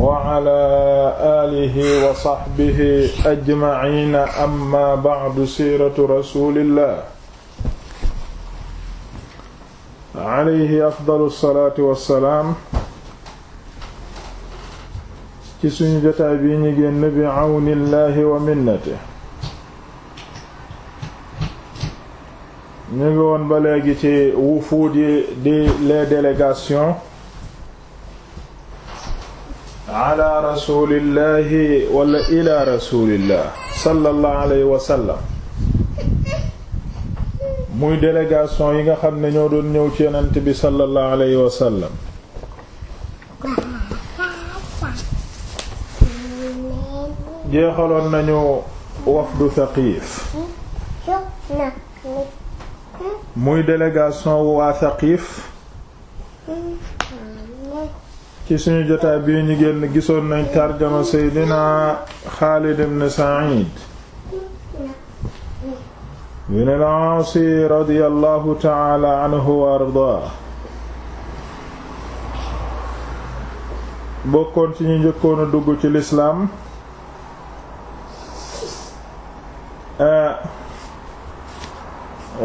wa calaa aalihi wa saxbihi ajmaciina amma bacdu siiratu rasuulillah alayhi afdalu salaatu wa salaam ci suñu jotaay bii ñu génn bi cawnillahi wa minnate ñu ngi woon ba léegi ci wufuud yi di les délégations ala rasulillahi wala ila rasulillah sallallahu muy délégation yi nga xam ne ñoo doon ñëw ci yonent bi sallallahu alayhi wa sallam jeexaloon nañu wafdu Thaqif muy délégation waa Thaqif ci suñu jotaay bii ñu génn gisoon nañ tarjama seydina Xaalid ibn Sa'iid bin al-Aas radiyallahu wa bokkoon ci ñu njëkkoon a dugg ci lislaam eh,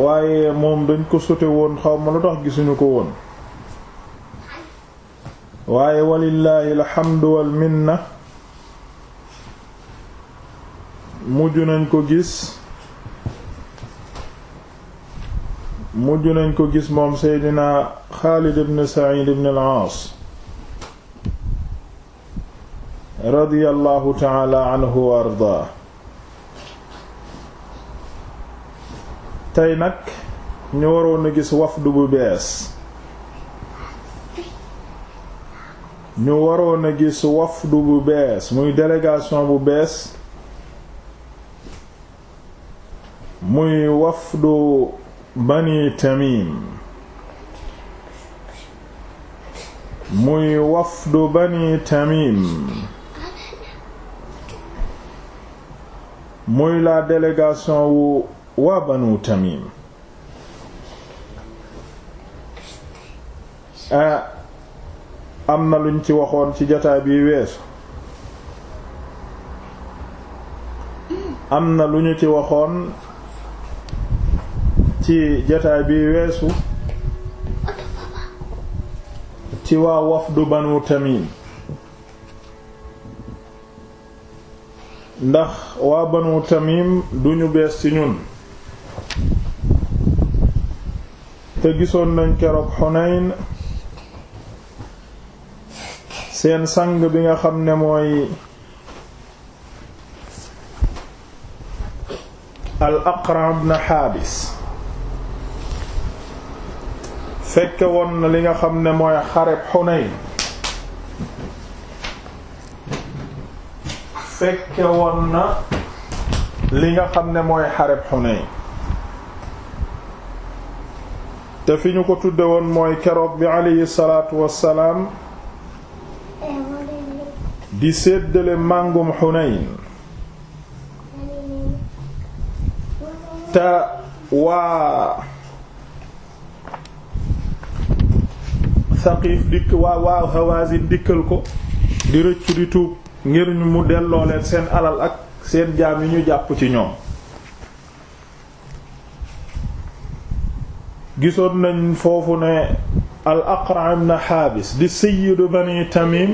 waaye moom dañ ko sute woon xawma ma lu tax gisuñu ko woon waaye walillaahi alxamdu wal minna mujj nañ ko gis mujj nañ ko gis moom seydina Xaalid ibn Saciid ibn al-Aas radiyallahu taala anhu wa ardaa tey nag ñu waroon a gis wafdu bu bees ñu waroon a gis wafdu bu bees muy délégation bu bees muy wafdu bani tamim tamim muy la délégation wu waa banu tamim ah am na luñ am na lu ñu ci waxoon ci jataay bi weesu ci waa wafdu banu tamim ndax waa banu tamim duñu bees ci ñun te gisoon nañ keroog Hunayn seen sang bi nga xam ne mooy al aqra ibn xaabis fekke woon na li nga xam ne mooy xareb xunayn woon na li nga xam ne mooy xareb xunayn te fi ñu ko tudde woon mooy keroog bi aleyhi salaatu wassalaam di séddale màngum Xunayn te waa Saqiif dikkal ko di rëccu di tuub ngir mu delloo leen seen alal ak seen jaam yi ñu jàpp ci ñoom gisoon nañ foofu ne al Aqra' ibn Haabis di sayyidu Bani Tamim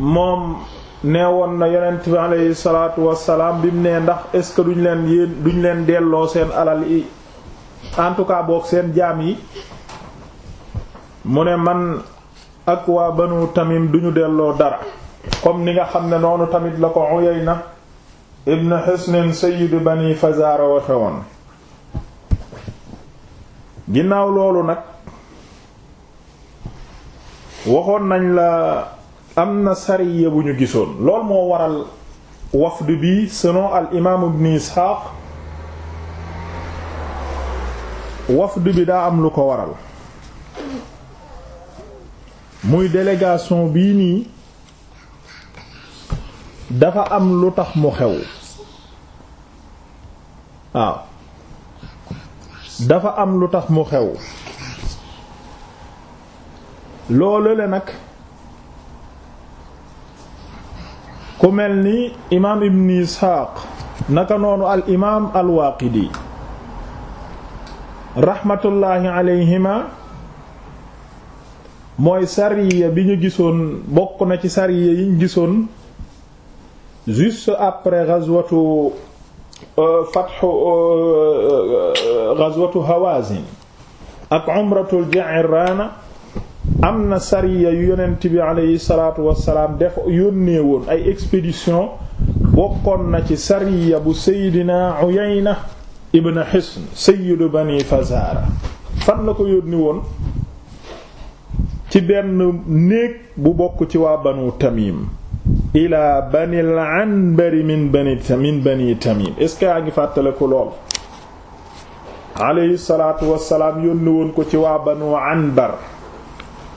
moom nee woon na yonent bi aleyhi salaatu wassalaam bi nee ndax est-ce que duñ leen yéen duñ leen delloo seen alal yi en seen jaam yi mu ne man ak waa banu tamit duñu delloo dara comme ni nga xam ne noonu tamit la ko na ibn Hisn sayyidu bani Fazara waxe woon ginnaaw loolu nag waxoon nañ la am na sariya bu ñu gisoon lool moo waral wafd bi selon al imaam ibn Isxaaq wafd bi daa am lu ko waral muy délégation bii nii dafa am lu tax mu xew waaw dafa am lu tax mu xew loolu la nag ku mel ni imaam ibn isxaaq naka noonu al imaam al waaqidi raxmatullaahi alayhima mooy sariya bi ñu gisoon bokk na ci sariya yi ñu gisoon juste après ghazwatu euh, fathu euh, euh, ghazwatu hawazin ak umratul ja'irana am na sariya yu yonent bi aleyhi salaatu wassalaam def yónnee woon ay expédition bokkoon na ci sariya bu Seydina Uyayna ibn Hisn sayyidu bani Fazara fan la ko yónni woon ci benn néeg bu bokk ci waa banu Tamim ila banil Anbari min bani min bani Tamim est-ce que yaa ngi fàttale ko lool aleyhi salaatu yónni woon ko ci waa banu Anbar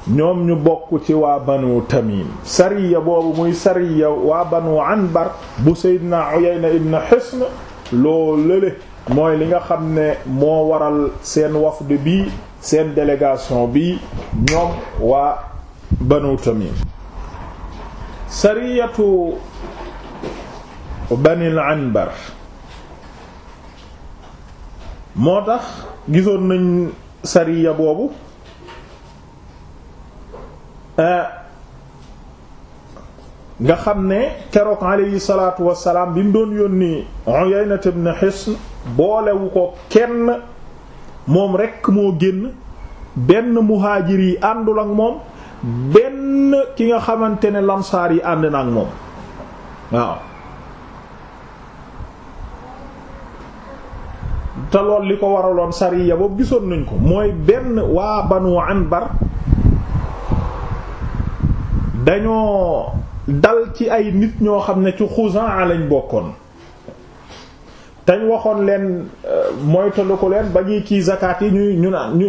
ñoom ñu bokk ci waa banu tamim sariya boobu muy sariya waa banu anbar bu seydina uyayna ibn hisn loo lële mooy li nga xam ne moo waral seen wafd bi seen délégation bi ñoom waa banu tamim sariyatu banil anbar moo tax gisoon nañ sariya boobu Euh, nga xam ne keroog alayhi salaatu wassalaam bi mu doon yónni Uyayna boolewu ko kenn moom rekk moo génn benn muhaajir yi àndul ak moom benn ki nga xamante ne lamsaar yi ànd na ak moom waaw te lool li ko waraloon sariya boobu gisoon nañ ko mooy benn waa Banu Anbar dañoo dal ci ay nit ñoo xam ne ci Xuzaa lañ bokkoon tañ waxoon leen euh, moytalu ko leen ba ñuy kii zakat yi ñu ñu ñu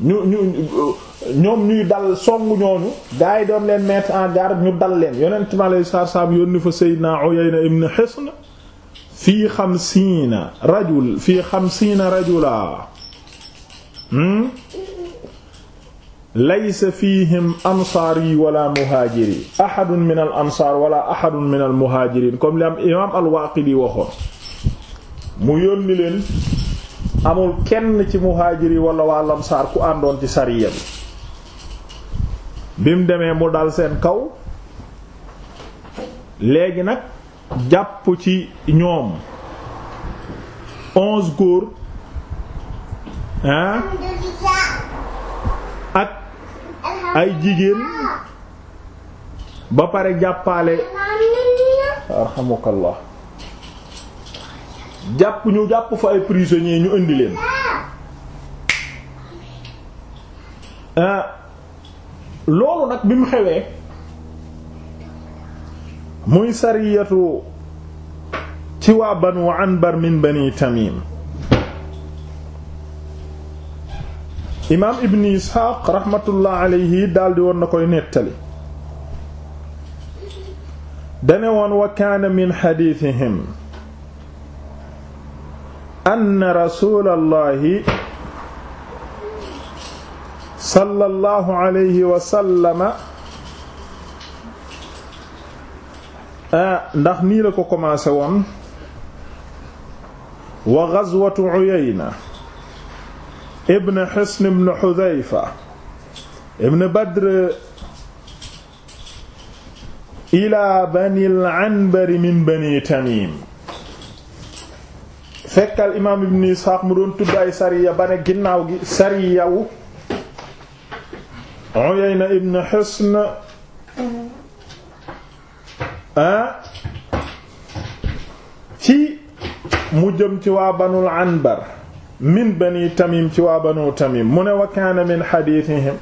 ñu ñu ñoom ñuy dal songu ñooñu gars yi doon leen mettre en garde ñu dal leen yonent mi alayhi salaatu salaam yónni fa Seydina Uyayna ibn Hisn fii xamsiina rajul fii xamsiina rajula hmm laysa fihim ansaari wala muhaajiri ahadun min al ansaar wala ahadun min al muhaajiriin comme li am imaam al-Waaqidi waxoon mu yónni leen amul kenn ci muhaajiri wala waa lamsaar ku àndoon ci sariya bi mu demee mu dal seen kaw léegi nag jàpp ci ñoom onze góor hein ak ay jigéen ba pare jàppale arhamukallah jàpp ñu jàpp fa ay prisonniers ñu indi leen ah, loolu nag bi xewee muy sariyatu ci waa banu anbar min bani tamim imaam ibn isxaaq raxmatullah alayhi daldi woon na koy nettali dane woon wa kaana min xadiitihim anna rasuulallahi sallallahu alayhi wa ah, ndax nii la ko commencé woon wa gazwatu Uyayna ibn Hisn ibn Hudhayfa ibn Badr ila bani al-Anbari min bani Tamim fekkal imaam ibn Isxaaq mu doon tudd ay sariya ba ne ginnaaw gi sariyawu Uyayna ibn Hisn ah ci mu jëm ci waa banul Anbar min bani tamim ci waa banu tamim mu ne wa min xadiitihim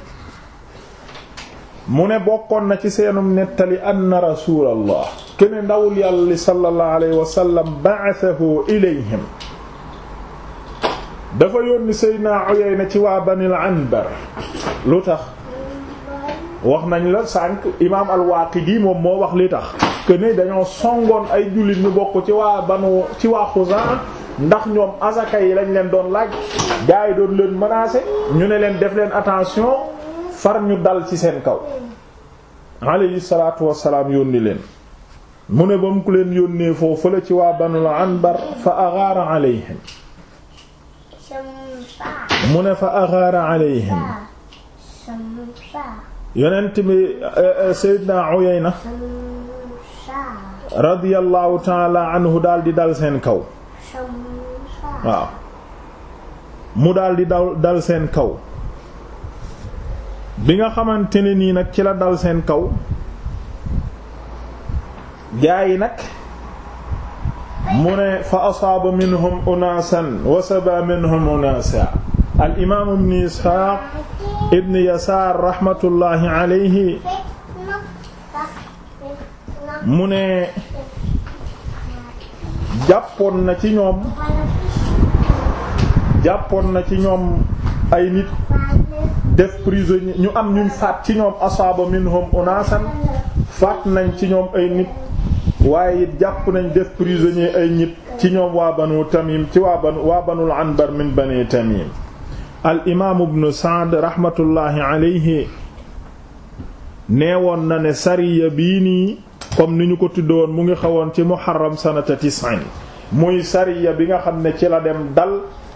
mu ne bokkoon na ci seenum nettali anna rasuulallah kene ndawul yàlla li sallallahu alayhi wa sallam dafa yónni Seydina ci waa banil Anbar lu tax wax nañ la sànq imaam al-Waaqidi moom moo wax li tax que dañoo songoon ay jullit ñu bokk ci waa banu ci waa Xuzaa ndax ñoom azaka yi lañ leen doon laaj gars yi doon leen menacer ñu ne leen def leen attention far ñu dal ci seen kaw alayhi salaatu wassalaam yónni leen mu ne ba mu ku leen yónnee foofu la ci waa banul anbar fa aghaara alayhim mu ne fa aghaara alayhim yonent bi eh, eh, Seydina Uyayna radiyallahu ta'ala anhu daal di dal seen kaw waaw mu daal dal dal seen kaw bi nga xamante ni nii nag ci la dal seen kaw gaa yi nag mu ne fa asaaba minhum unaasan wa saba minhum unaasa al imaamu ibn isxaaq ibn yasaar raxmatullaahi mu ne jàppoon na ci ñoom jàppoon na ci ñoom ay nit def prisonnier ñu am ñuñ faat ci ñoom asaaba minhum unasan faat nañ ci ñoom ay nit waaye jàpp nañ def prisonnier ay nit ci ñoom waa banu tamim ci waa banu waa banul anbar min bani tamim al imaam ibn Sa'd rahmatullahi alayhi neewoon na ne sariya bii nii comme ni ñu ko woon mu ngi xawoon ci muharram sanata tis'in muy sariya bi nga xam ne ci la dem dal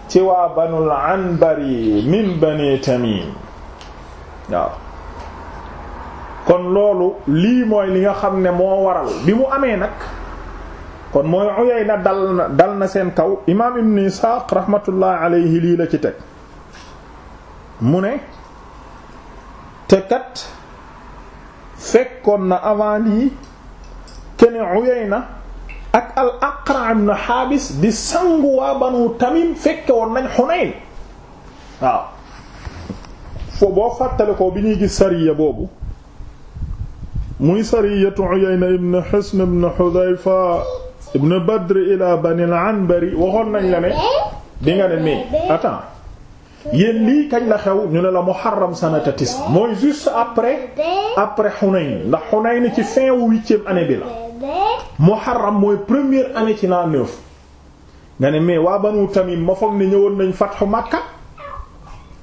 ci waa banul anbari min bani tamim waaw kon loolu lii mooy li nga xam ne moo waral bi mu amee nag kon mooy Uyayna dal na dal na seen kaw imaam ibn Isaaq rahmatullah alayhi lii la ci teg mu ne te kat fekkoon na avant lii kene na ak al Aqra ibn Haabis di sangu Banu Tamim fekke woon nañ Hunayn waaw foo boo fàttale ko bi ñuy gis sariya boobu muy sariyatu Uyayna ibn Hisn ibn Hudayfa ibn Badr ila Bani al-Anbari waxoon nañ la ne di nga ne mais attends yéen lii kañ la xew ñu ne la Muharram sanata tis mooy juste après après ndax Hunayn ci fin wu huitième année muharram mooy première année ci l'an neuf nga ne mais waa banu tamim ma foog ne ñëwoon nañ fatxu makka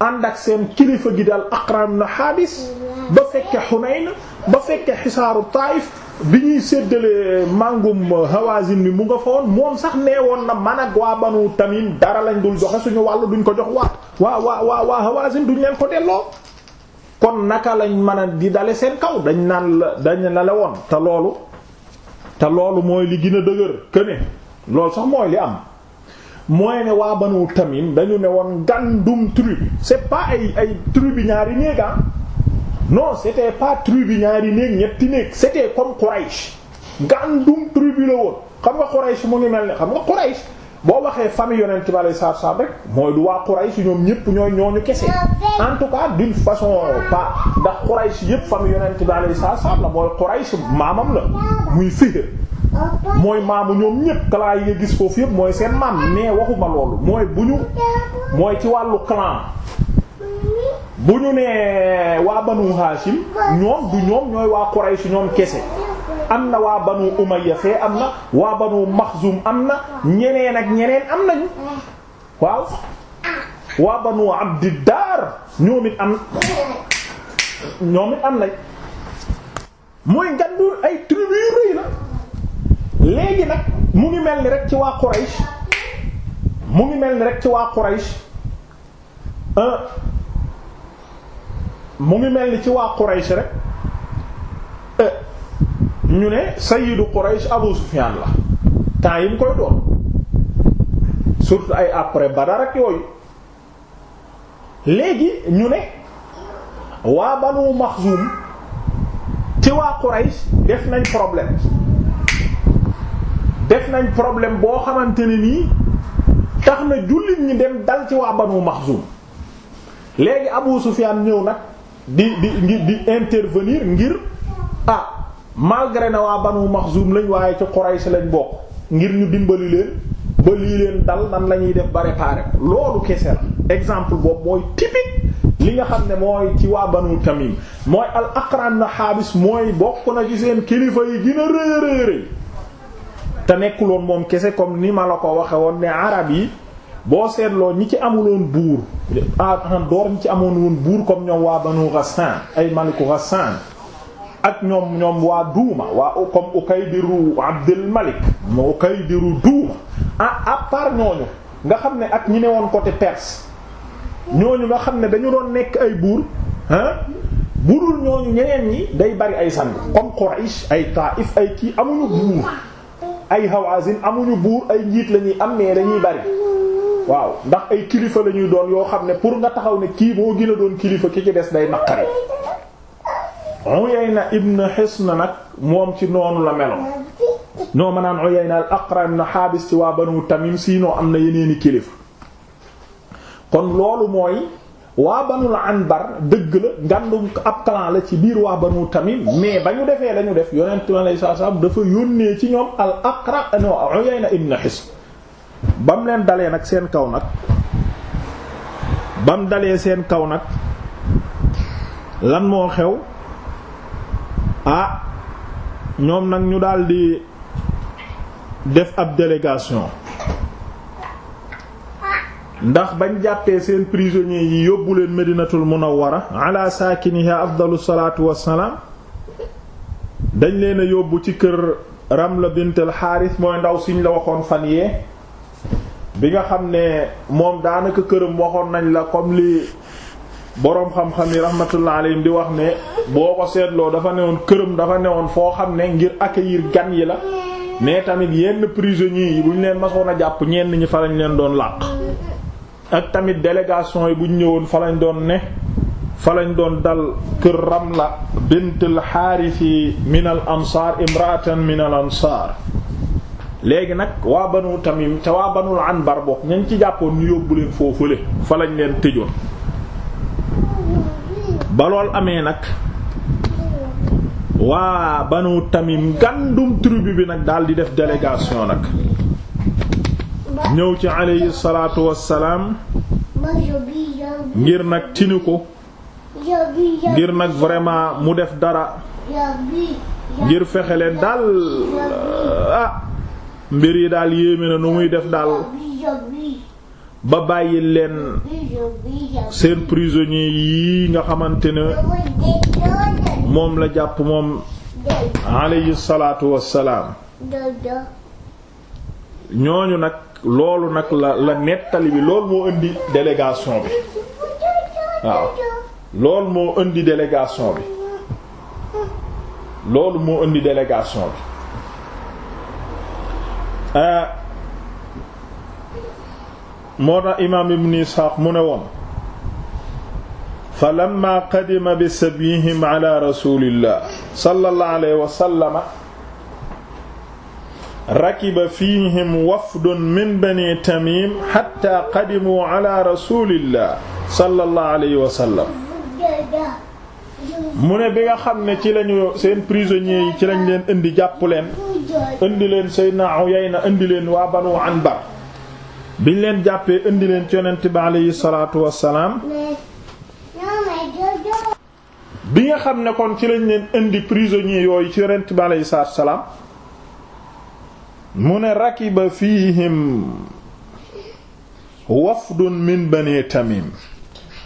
ànd ak seen kilifa gi daal aqram na xaabis ba fekke xunayn ba fekke xisaaru taif bi ñuy séddale màngum hawazin bi mu nga fa woon moom sax nee woon na man ak waa banu tamim dara lañ dul joxe suñu wàllu duñ ko jox waa waa waa waa waa hawazin duñ leen ko delloo kon naka lañ mën a di dale seen kaw dañ naan la dañ la la woon te loolu te loolu mooy li gën a dëgër que ne sax mooy li am mooy ne waa banu tamim dañu ne woon ngandum tribu c'est pas ay ay tribu ñaari néeg ah non c'était pas tribu ñaari néeg ñetti néeg c'était comme Quraysh ngandum tribu la woon xam nga Quraysh mu ngi mel ni xam nga Quraysh boo waxee famille yonent bi alayhi salaatu salaam rek mooy du waa Quraysh ñoom ñëpp ñooy ñooñu kese en tout cas d'une façon pas ndax Quraysh yëpp famille yonent bi alayhi salaatu salaam la mooy Quraysh maamam la muy Fihr mooy maamu ñoom ñëpp clan yi nga gis foofu yëpp mooy seen maam mais waxuma loolu mooy bu ñu mooy ci wàllu clan bu ñu nee waa Banu Hashim ñoom du ñoom ñooy waa Quraysh ñoom kese. am na waa banu umayya am na waa banu maxzum am na ñeneen ak ñeneen am nañu waaw waa banu abdiddar ñoom it am ñoom it am nañ mooy ngandu ay tribu yu la léegi nag mu ngi mel ni rek ci waa Quraysh mu ngi mel ni rek ci waa Quraysh euh, mu ngi mel ni ci waa Quraysh rek euh, ñu ne sayyidu Quraysh Abu Sufyan la temps yi mu koy doon surtout ay après Badar ak yooyu léegi ñu ne waa Banu Maxzum ci waa Quraysh def nañ problème def nañ problème boo xamante ne nii tax na jullit ñi dem dal ci waa Banu Maxzum léegi Abu Sufyan ñëw nag di di di intervenir ngir ah malgré na waa Banu Maxzum lañ waaye ci Quraysh lañu bokk ngir ñu dimbali leen ba lii leen dal nan la ñuy def ba réparer loolu kese la exemple boobu mooy typique li nga xam ne mooy ci waa Banu Tamim mooy al Aqran na Haabis mooy bokk na ci seen kilifa yi gën rëy rëy te nekkuloon moom kese comme ni ma la ko waxe woon ne arab yi boo seetloo ñi ci amuloon buur ah, en ñi ci amoon woon buur comme ñoom waa Banu Ghassan ay maliku Ghassan ak ñoom ñoom waa duuma waa comme Ukaydiru Abdul Malik mu Ukaydiru duuma à ah, à part ñooñu nga xam ne ak ñi ne woon côté Perse ñooñu nga xam ne dañu doon nekk ay buur ah bu dul ñooñu ñeneen ñi day bari ay sang comme Quraish ay Taif ay kii amuñu buur ay Hawazin amuñu buur ay njiit la ñuy am mais dañuy bari waaw ndax ay kilifa la ñuy doon yoo xam ne pour nga taxaw ne kii boo gën doon kilifa ki ci des day naqare Uyayna ibn Hisn nag moom ci noonu la meloon ñoo mënaan Uyayna al-Aqra ibn Habis waa Banu Tamim siinoo am na yeneeni kilifa kon loolu mooy waa Banul Anbar dëgg ab clan la ci biir waa Banu Tamim mais ba ñu defee lañu def yonent mi alayhi salaam dafa yónnee ci ñoom al-Aqra eh, no Uyayna ibn ba mu leen dalee nag seen kaw nag ba mu dalee seen kaw nag lan moo xew ah ñoom nag ñu daldi def ab délégation ndax bañ jàppee seen prisonniers yi yóbbu leen Medinatul Munawwara ala saakiniha afdalu salaatu wassalaam dañ leen a yóbbu ci kër Ramla bint al Haaris mooy ndaw siñ la waxoon fan yee bi nga xam ne moom daanaka këram waxoon nañ la comme li boroom xam-xam yi rahmatullah alayhim di wax ne boo ko seetloo dafa newoon këram dafa newoon foo xam ne ngir accueillir gan yi la mais tamit yenn prisonniers yi bu ñu leen masoon a jàpp ñenn ñi fa lañ leen doon làq ak tamit délégation yi bu ñëwoon falañ doon ne falañ doon dal kër Ramla bint al Haarisi min al ansaar imraatan min al ansaar léegi nag waa banu Tamim te waa banul Anbar bokk ñañ ci jàppoon ñu yóbbu leen foofule fa lañ leen tëjoon balool amee nag waa banu tamim ngàndum tribu bi nag daal di def délégation nag ñëw ci aleyhi salaatu wassalaam ngir nag tinu ko ngir nag vraiment mu def dara ngir fexe leen daal a ah, mbir yi daal yéeme na nu muy def daal ba bàyyi leen seen prisonniers yi nga xamante ne moom la jàpp moom alayhi salaatu wassalaam ñooñu nag loolu nag la la nettali bi loolu moo indi délégation bi waaw loolu moo indi délégation bi loolu moo indi délégation bi euh, moo tax mu ne woon fa lamma qadima bi sabyihim ala rasulillah sallallahu wa sallama rakiba fihim wafdun min bani tamim hatta qadimu ala rasulillah mu ne bi nga xam ne ci lañu seen prisonniers yi ci lañ leen indi jàpp leen indi leen Seydina Uyayna indi leen waa Banu Anbar biñ leen jàppee indi leen ci yonent bi aleyhi salaatu wassalaam bi nga xam ne kon ci lañ leen indi prisonniers yooyu ci yonent bi aleyhi salaatu wassalaam mu ne rakiba fiihim wafdun min bani tamim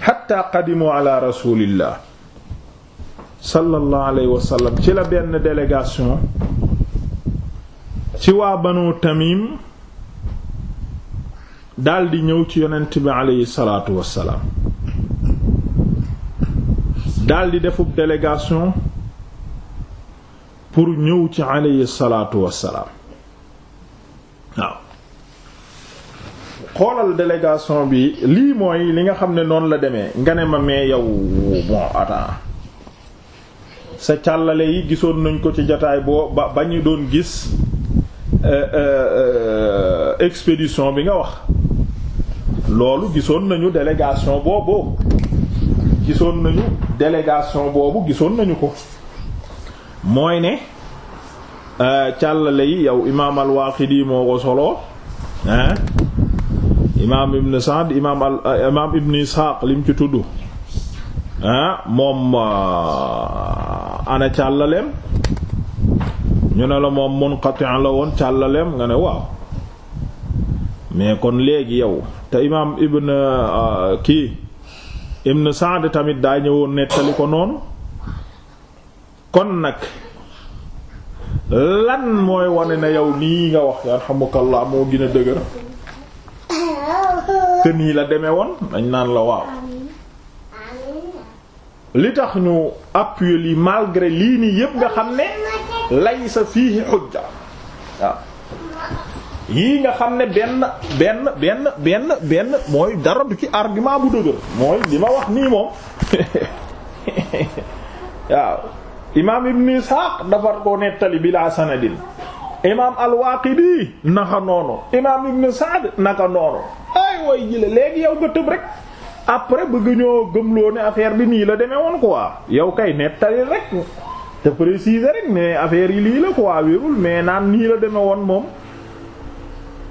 xatta qadimu ala rasulillah sallallahu alayhi wa ci la benn délégation ci waa banu tamim daldi ñëw ci yonent bi aleyhi salaatu wassalaam daldi defub délégation pour ñëw ci aleyhi salaatu wassalaam waaw xoolal délégation bi lii mooy li nga xam ne noonu la demee nga ne ma mais yow bon attends sa càllale yi gisoon nañ ko ci jataay boo ba ba ñu doon gis euh, euh, euh, expédition bi nga wax loolu gisoon nañu délégation boobu gisoon nañu délégation boobu gisoon nañu ko mooy ne euh, càllale yi yow imaam al-Waaqidi moo ko soloo ah imaam ibn Sa'd imaam al euh, imaam ibn Isxaaq lim ci tudd ah moom euh, ana càllaleem ñu ne la moom munqati' la woon càllaleem nga ne waaw mais kon léegi yow te imaam ibn euh, kii ibn Saad tamit daa ñëwoon nettali ko noonu kon nag lan mooy wane na yow nii nga wax yarhamukallah moo gin a dëgër te nii la demee woon dañ naan la waaw li tax ñu appuyer lii malgré lii nii yépp nga xam ne laysa fiihi hujja yii nga xam ne benn benn benn benn benn mooy dara du ci argument bu dëgër mooy li ma wax nii moom waaw imaam ibn Ishaq dafa ko nettali bila sanadin imaam al-Waaqidi imaam ibn Sa'd naka ay way jële léegi yow nga tëb rek après bëgg ñoo gëmloo ne affaire bi nii la demee woon quoi yow kay nettali rek te préciser rek ne affaire yi lii la quoi wérul mais naan nii la demee woon moom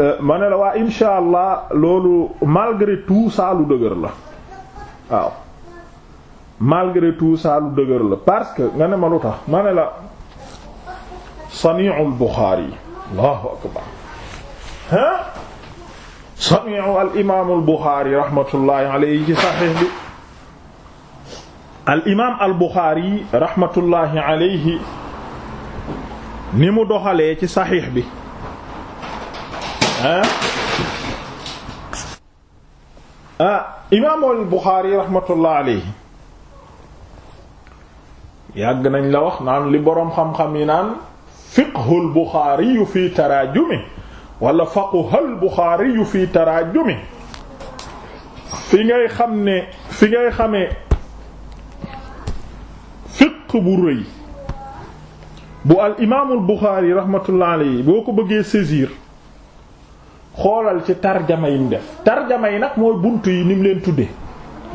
Euh, ma ne la waa insha allah loolu malgré tout saalu lu dëgër la waaw malgré tout ça lu la parce que nga ne ma lu tax ma ne la sani'ul Bukhari allahu akbar ah sani'u al imaamul rahmatullahi alayhi ci saxiix bi al imaam rahmatullahi alayhi ni mu doxalee ci saxiix bi. ah imaamul Buxaari rahmatullah alayhi yàgg nañ la wax naan li boroom xam-xam yi naan fiqhul Buxaari yu fi taraajumi wala faqhul Buxaari yu fi taraajumi fi ngay xam ne fi ngay xamee fiq bu rëy bu al imaamul Buxaari rahmatullah alayhi boo ko bëggee saisir xoolal ci tarjama yi mu def tarjama yi nag mooy bunt yi ni leen tudde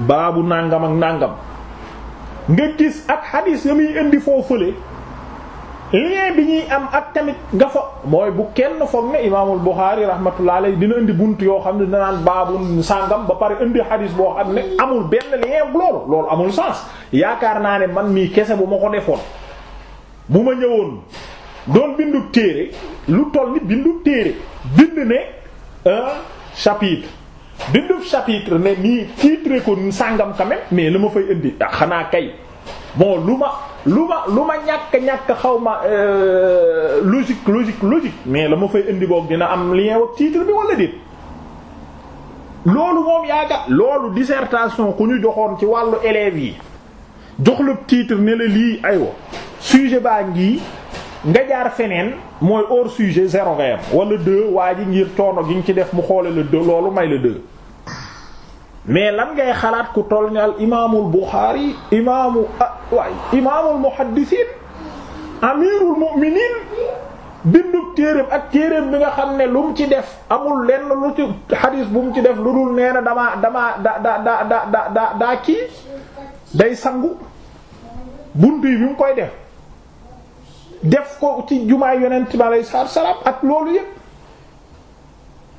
baabu nàngam ak nàngam nga gis ak xadiis ya muy indi foo fële lien bi ñuy am ak tamit nga fo mooy bu kenn foog ne imaamul Buxaari rahmatullahi alayhi dina indi bunt yoo xam ne dina naan baabu sàngam ba pare indi xadiis boo xam ne amul benn lien ak loolu loolu amul sens yaakaar naa ne man mii kese bu ma ko defoon bu ma ñëwoon doon bindu téere lu toll ni bindu téere bind ne un chapitre bindub chapitre ne nii titre ko sàngam quand mais la ma fay indi ah xanaa kay bon lu ma lu ma lu ma ñàkk ñàkk xaw ma euh, logique logique logique mais la ma fay indi boog dina am lien ak titre bi wala déet loolu moom yaaga loolu dissertation ku ñu joxoon ci wàllu élèves yi jox la titre ne la lii aywa sujet baa ngi nga jaar feneen mooy hors sujet zéro nga yem wala deux waa ji ngir coono gi nga ci def mu xoole la deux loolu may la deux mais lan ngay xalaat ku toll ni al imaamul Buxaari imaamu ah imaamul muhaddisiin amirul mu'miniin bindub téereem ak téereem bi nga xam ne lu mu ci def amul lenn lu ci xadiis bu mu ci def lu dul nee dama dama da da da da da daa kii day sangu bunt yi bi mu koy def. def ko ci jumaa yonent bi aleyhi salaatu salaam ak loolu yëpp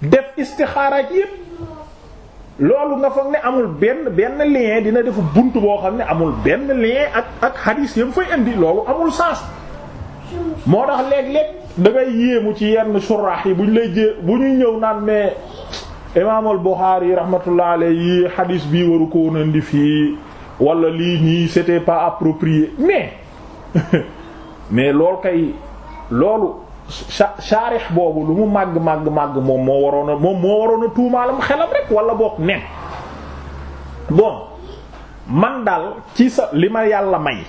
def istixaara ci yëpp loolu nga foog ne amul benn benn lien dina defu bunt boo xam ne amul benn lien ak ak xadiis yam fay indi loolu amul sens moo tax léeg-léeg da yéemu ci yenn suraax yi bu ñu lay jée bu ñuy ñëw naan mais imaamul Buxaari rahmatullah yii xadiis bii waru ko woon indi fii wala lii nii c'était pas approprié mais mais loolu kay loolu saarix boobu lu mu màgg màgg màgg moom moo waroon a moom moo waroon a tuumaalam xelam rek wala boog nen bon man daal ci sa li ma yàlla may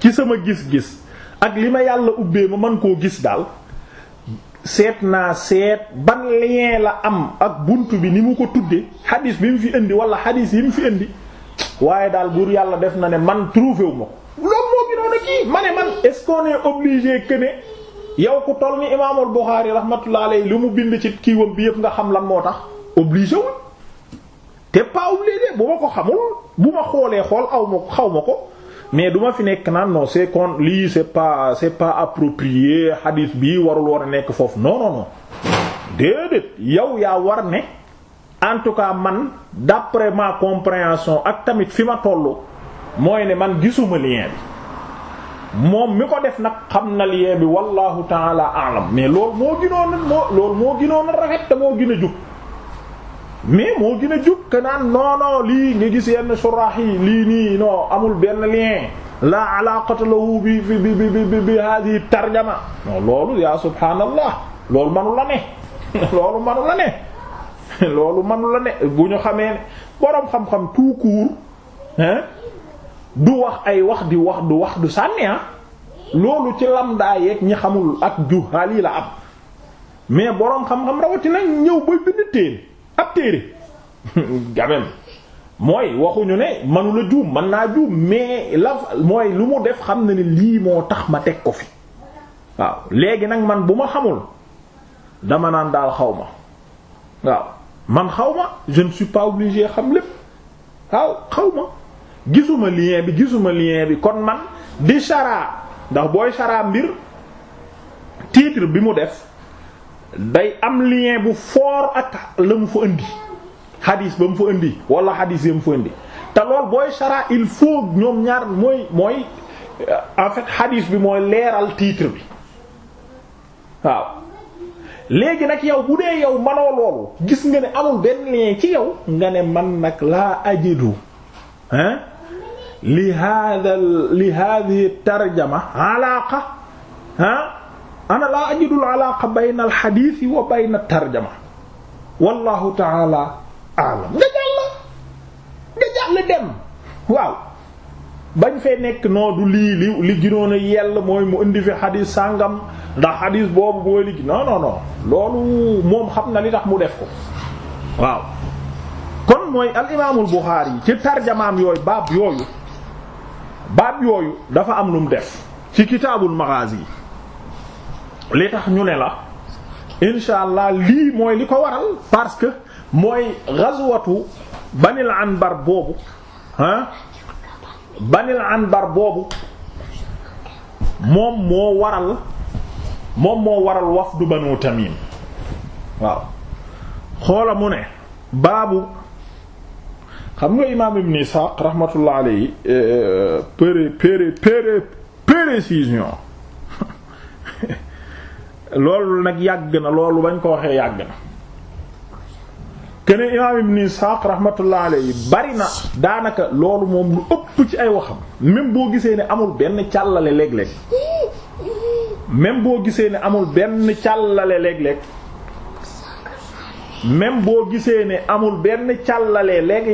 ci sama gis-gis ak li ma yàlla ubbee ma man koo gis daal seet naa seet ban lien la am ak bunt bi ni mu ko tuddee xadis bi mu fi indi wala xadis yi mu fi indi waaye daal buur yàlla def na ne man trouvé wu ma noon ma ne man est-ce qu'on est obligé que ne yow ku toll ni imaamul Bukhari rahmatullah alayhi lu mu bind ci kiiwam bi yëpp nga xam lan moo tax obligé wul te pas obligé bu ma ko xamul bu ma xoolee xool aw ma xaw ma ko mais du ma fi nekk naan non c'est kon lii c'est pas c'est pas approprié bi warul war a nekk foofu non non non déedéet yaa war ne en tout cas man d'après ma compréhension ak tamit fi ma tollu mooy ne man gisuma lien bi moom mi ko def nag xam na lien bi wallahu taala alam mais loolu moo gënoon moo loolu moo te moo gën a jub mais moo gën a jub que naan non non lii nga gis yenn suraax yi lii nii non amul benn lien la alaqata lahu bi bi bi bi bi hadihi tarjama non loolu yaa subhaanallah loolu manu la ne loolu manu la bu ñu xamee borom xam-xam tout court du wax ay wax di wax du wax du sànni ah loolu ci lamdaa yeeg ñi xamul ak juhaal yi la am mais boroom xam-xam rawatina ñëw ba bind téere ab téere gamem mooy waxuñu ne manu la juum mën naa juum mais la mooy lu mu def xam na ne lii moo tax ma teg ko fi waaw léegi nag man bu ma xamul dama naan daal xaw ma waaw man xaw ma je ne suis pas obligé xam lépp waaw xaw ma gisuma lien bi gisuma lien bi kon man di chara ndax booy chara mbir titre bi mu def day am lien bu fort ak la mu fa indi xadis ba mu fa indi wala xadis ya mu fa indi te lool booy chara il faut ñoom ñaar mooy mooy euh, en fait xadis bi mooy leeral titre bi waaw léegi nag yow bu dee yow manoo loolu gis nga ne amul benn lien ci yow nga ne man nag laa ajidu li hada li hadihi tarjama alaaqa ah ana laa ajidul alaaqa bayna alxadiisi wa bayna tarjama wallahu taala alam nga jàll nga jàll dem waaw bañ fee nekk noo du lii li li ginoon a yell mooy mu indi fi xadis sàngam ndax xadis boobu booy li non non non loolu moom xam na li tax mu def ko waaw kon mooy al imaamul Buxaari yi ci tarjamaam yooyu baab yooyu baab yooyu dafa am lu mu def ci kitaabul maghazi yi li tax ñu ne la insha allah lii mooy li ko waral parce que mooy ghazwatu banil anbar boobu ah banil bar boobu moom moo waral moom moo waral wafdu banu tamim waaw xoola mu ne baabu xam nga imaam ibn Isaaq rahmatullah alayhi euh, pré pré pré précision loolu nag yàgg na loolu bañ ko waxee yàgg na keneen imaam ibn Isaaq rahmatullah alayhi bari na daanaka loolu moom lu ëpp ci ay waxam même boo gisee ni amul benn càllale léeg-léeg même boo gisee ni amul benn càllale léeg-léeg même boo gisee ne amul benn càllale léeg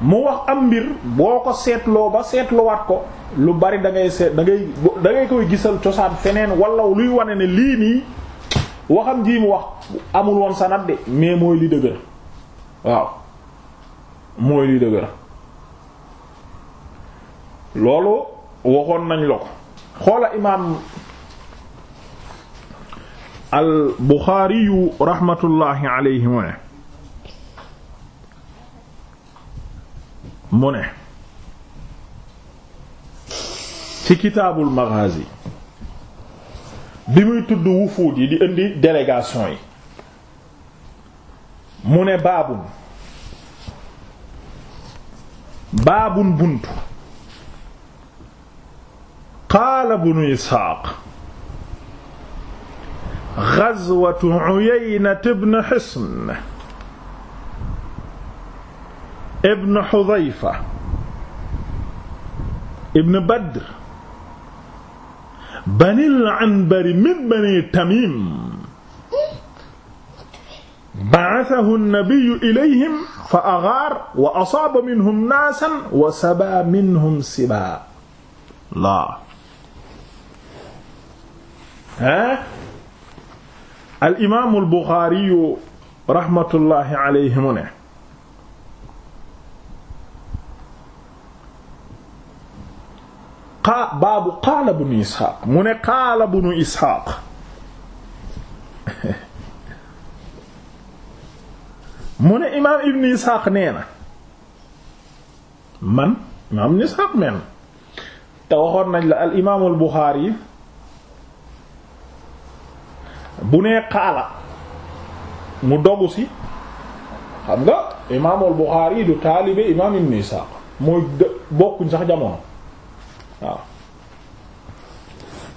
mu wax am mbir boo ko seetloo ba seetluwaat ko lu bari dangay ngay seet da ngay koy gisal cosaan feneen walla luy wane ne lii nii waxam ji mu wax amul woon sanad de mais mooy li dëgër waaw mooy li dëgër loolu waxoon nañ la ko xoola imaam al Buxaari yu rahmatullahi alayhi mu mu ne ci kitaabul maghazi bi muy tudd wufuud yi di indi délégation yi mu ne baabun baabun buntu qaala bunu isxaaq ghazwatu uyayna ibn hisn ibn Xudayfa ibn Badr banil Anbari min bani Tamim ba'athahu an-nabiyyu ilayhim fa aghaar wa asaaba minhum naasan wa sabaa minhum sibaa la ah al-imaamu al-Buxaari rahmatullahi alayhi mu ne xaa baabu qaala bunu isxaaq mu ne qaala bunu isxaaq mu ne imaam ibn isxaaq nee na man imaam ibn isxaaq nee te waxoon nañ la al imaamul buxaari bu nee qaala mu dogu si xam nga imaamul buxaari du taalibe imaam ibn isxaaq mooy bokkuñ sax jamono waaw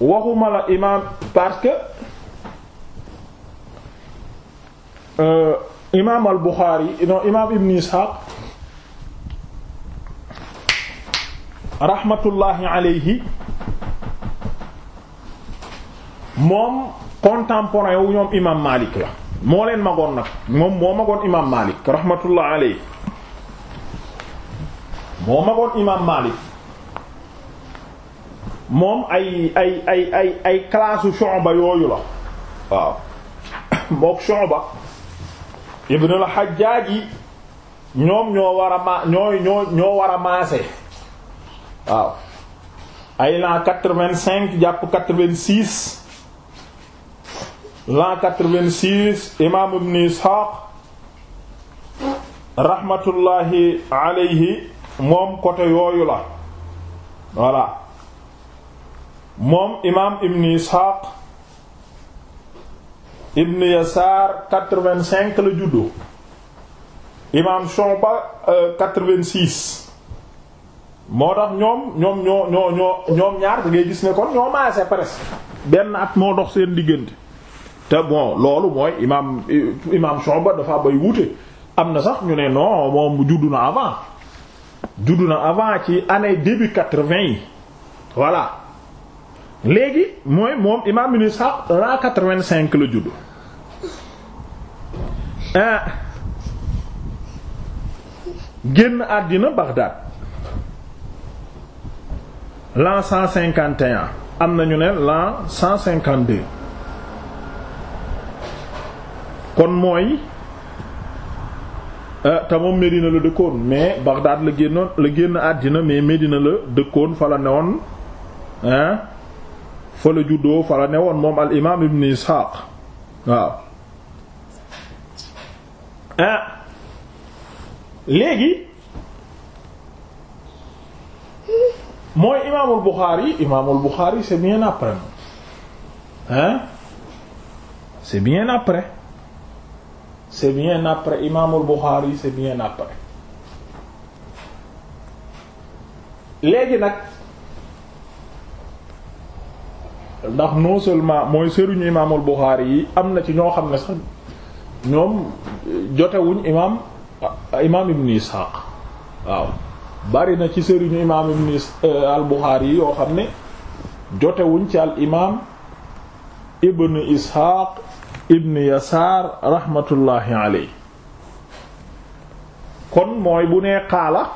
waxuma la imaam parce que euh, imaam al Buxaari imaam Ibn Isxaaq rahmatullahi moom contemporain wu ñoom imaam Maalik la moo leen magoon nag moom moo magoon imaam Maalik rahmatullahi alayhi moo magoon imaam Maalik moom ay ay ay ay classe Shu'ba yooyu la waaw mook Shu'ba ibn al-Hajjaj yi ñoom ñoo war a ma ñooy ñoo ñoo war a maase waaw ay l'an jàpp l'an imaam ibn Ishaq rahmatullahi alayhi moom côté yooyu la voilà moom imaam Ibn Isxaaq Ibn Yasaar quatre-vingt-cinq la juddu imaam ba euh, quatre-vingt-six moo tax ñoom ñoom ñoo ñoo ñoom ñaar da ngay gis ne kon ñoo maase presque benn naat moo dox seen diggante te bon loolu mooy imaam imaam Shuba dafa bay wuute am na sax ñu ne non moom juddu na avant juddu na avant ci année début quatre-vingt yi voilà. léegi mooy moom imaam ibn Ishaq la quatre ah. vingt génn àddina Bagdad l'an cent cinquante et am nañu ne l'an cent cinquante-deux kon mooy ah, te moom Médina la dëkkoon mais Bagdad la génnoon la génn àddina mais Médina la dëkkoon fa la newoon fa la juddoo fa la ne woon moom al imaam ibn Isxaaq waaw ah léegi mooy imaamul Buxaari imaamul Buxaari c'est bien après moom hein c'est bien après c'est bien après imaamul Buxaari c'est bien après léegi nag ndax non seulement mooy sëriñu imaamul Buxaari yi am na ci ñoo xam ne sax ñoom eh, jotewuñ imaam eh, imaam Ibn Ishaq waaw bari na ci sëriñu imaam Ibn eh, al yi yoo xam ne jotewuñ ci al imaam Ibn Ishaq Yasaar rahmatullahi alayhi kon mooy bu ne xaala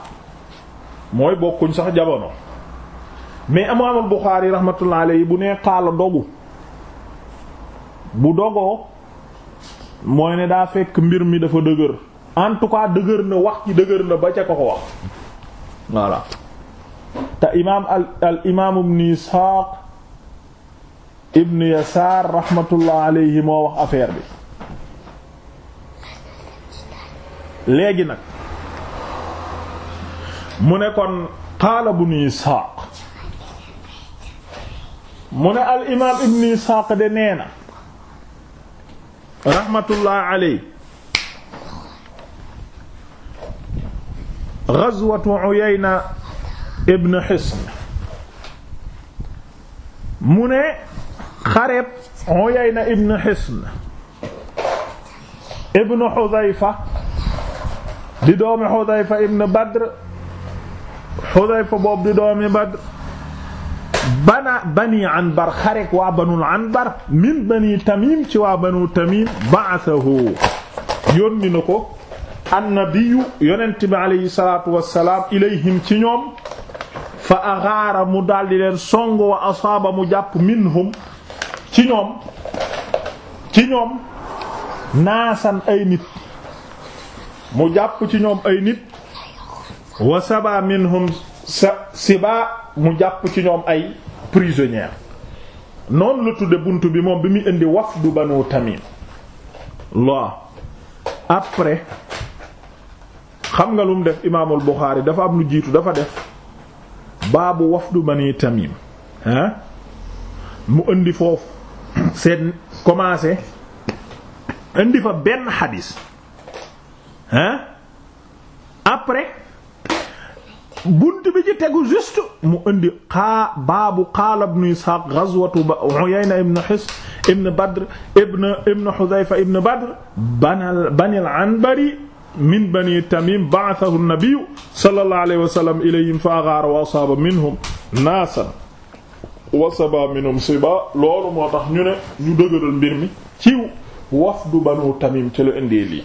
mooy bokkuñ sax jamono. mais imaamul Buxaari rahmatullah alayhi bu nee xaala dogu bu dogoo mooy ne daa fekk mbir mi dafa dëgër en tout cas dëgër na wax ci dëgër na ba ca ko ko wax voilà te imaam al al imaam ibn ibn Yasaar rahmatullah moo wax affaire bi léegi nag mu ne kon qaala ibn Isxaaq mu ne al imaam ibn Isaaq de nee na rahmatullah aley gazwatu Uyayna ibn Hisn mu ne xareb Uyayna ibn Hisn ibn Hudayfa di doomi Hudayfa ibn Badr Hudayfa boobu di doomi Badr bana bani anbar xarek waa banul anbar min bani tamim ci waa banu tamim ba'athahu yónni na ko annabiyu yonent bi alayhi salatu wassalaam ilayhim ci ñoom fa agaara mu daldi leen song wa asaaba mu jàpp minhum ci ñoom ci ñoom naasan ay mu jàpp ci ñoom ay wa saba minhum siba mu jàpp ci ñoom ay prisonniers noonu lu tudde bunt bi moom bi muy indi wafdu banu tamim la après xam nga lu mu def imaamul Buxaari dafa am lu jiitu dafa def baabu wafdu bani tamim hein mu indi foofu seen commencé indi fa benn xadis hein après bunt bi ci tegu juste mu indi xaa baabu qaala ibnu Isxaaq gazwatu Uyayna ibn Hisn ibn Badr ibn ibn Hudayfa ibn Badr banil Anbari min bani Tamim ba'athahu an-nabiyyu sallallahu alayhi wa sallam ilayhim fa aghaara wa asaaba minhum naasan wa saba minhum siba loolu moo tax ñu ne ñu dëgëral mbir mi ci wafdu banu Tamim ci la indee lii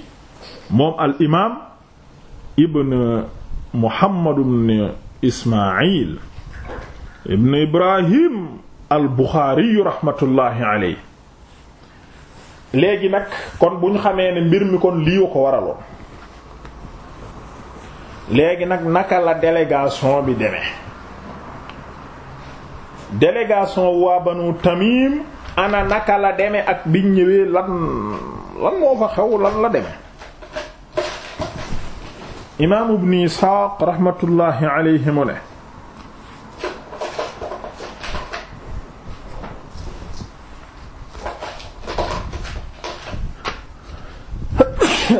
moom al imaam ibn Muhammad ibn Ismaayil ibn Ibrahim al Buxaari rahmatullahi léegi nag kon bu ñu xamee ne mbir mi kon lii ko waraloon léegi nag naka la délégation bi demee délégation waa Banu Tamim ana naka la deme ak biñ ñëwee lan lan moo fa xew lan la demee imaam ibnu Isxaaq raxmatullaahi alayhi mu ne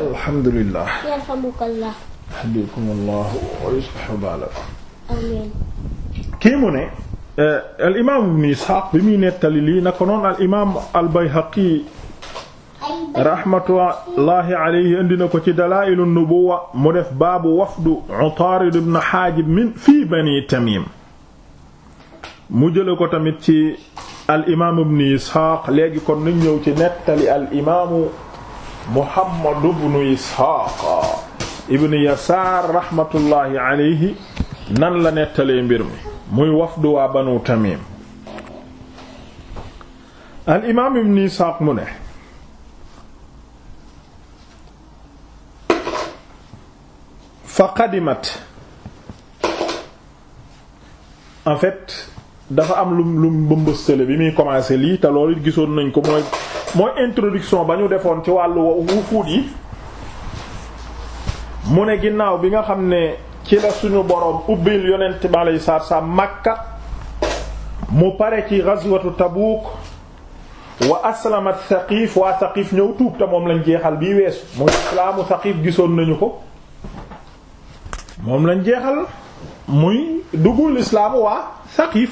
alhamdulillah yarhamukallah hadikumullaahu wa yuslih baalakum amiin kii mu ne eh, al imaam ibnu Isxaaq bi muy nettali lii na ko noon al imaam al Bayhaqi rahmatullahi alayhi indi ko ci dalaa'ilu nubuwwa mu def baabu wafdu Utaarid ibn Haajib min fii bani Tamiim mu jële ko tamit ci al imaam ibn Isxaaq léegi kon nañ ñëw ci nettali al imaamu ibn Isxaaq ibn Yasaar rahmatullahi alayhi nan la nettalee mbir mi muy wafdu waa banu Tamiim al ibn Isxaaq mu ne fa qadimat en fait dafa am lu lum mbëmbëstale bi muy commencé lii te loolu gisoon nañ ko mooy mooy introduction ba ñu defoon ci wàllu wufuut yi mu ne ginnaaw bi nga xam ne ci la suñu boroom ubbil yonent bi sa salaatu salaam Makka mu pare ci ghazwatu Tabuuk wa aslamat Saqiif waa Saqiif ñëw tuub te moom lañ jeexal bii weesu muy islaamu Saqiif gisoon nañu ko moom lañ jeexal muy duggul islaam waa Saqiif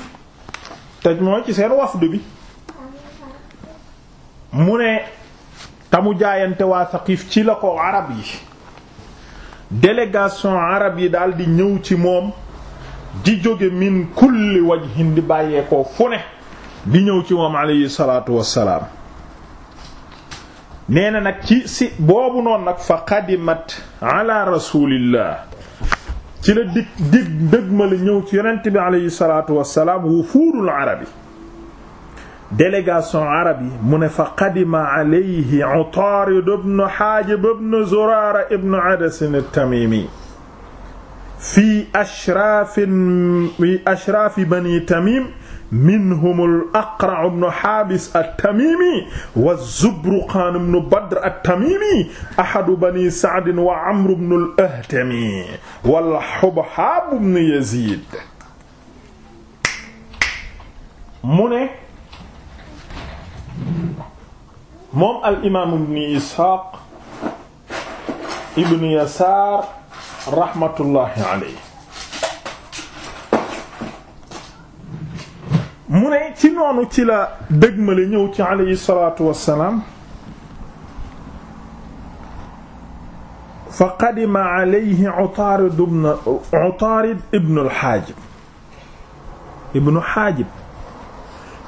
te mooy ci seen wafd bi mu ne tamu jaayante waa Saqiif ci la ko arab yi délégation arab yi daal di ñëw ci moom di jóge min kulli wajhin di bàyyeekoo fu ne di ñëw ci moom alayhi salaatu wassalaam nee na nag ci si boobu noon nag fa qadimat ala rasulillah ci la dig dig dëgmale ñëw ci yonent bi aleyhi salaatu wassalaam wufuudul arabi délégation arab yi mu ne fa qadima alayhi Utaarid ibn Haajib ibn Zuraara ibn Adas at-Tamimi fi ashraafi fi ashraafi bani Tamim minhumul aqra' ibn haabis at-tamimi wa zubruqaan ibn badr at-tamimi ahadu bani sa'd wa amr ibn al-ahtami wal hubhaab ibn yazid mu ne moom al imaam ibn ishaaq ibn yasaar rahmatullahi alayhi mu ne ci noonu ci la dëgmale ñëw ci alayhi salaatu wassalaam fa qadima alayhi Utaarid ibn Utaarid ibn al-Haajib ibn Haajib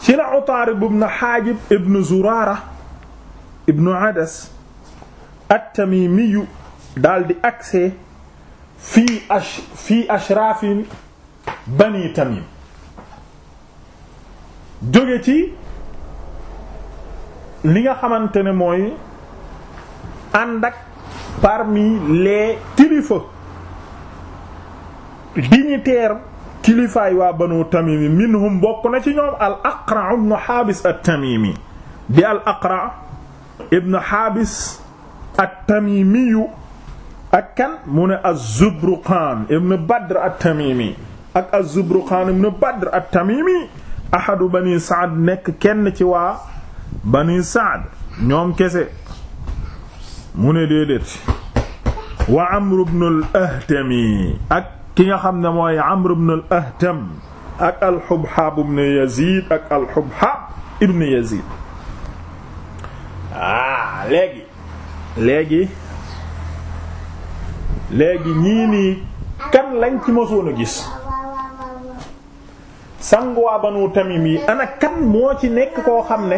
ci la Utaarid ibn Haajib ibn Zuraara ibn Adas at-Tamiimiyu daldi agsee fii ash fii ashraafi Bani Tamiim jóge ci li nga xamante ne mooy ànd ak parmi les kilifa dignitaires kilifaay waa banu tamimi minhum bokk na ci ñoom al aqra ibnu xaabis at-tamimi di al aqra ibnu xaabis at-tamimiyu ak kan mu ne az-zubruqaan badr at-tamimi ak az-zubruqaan badr at-tamimi ahadu bani saad nekk kenn ci waa bani saad ñoom kese mu ne déedéet wa amru bnul ahtami ak ki nga xam ne mooy amru bnul ahtam ak alxubxaab ibnu yazid ak alxubxaab ibnu yazid ah léegi léegi ñii nii kan lañ ci mësoon a gis sangu waa banu tamim yi ana kan moo ci nekk koo xam ne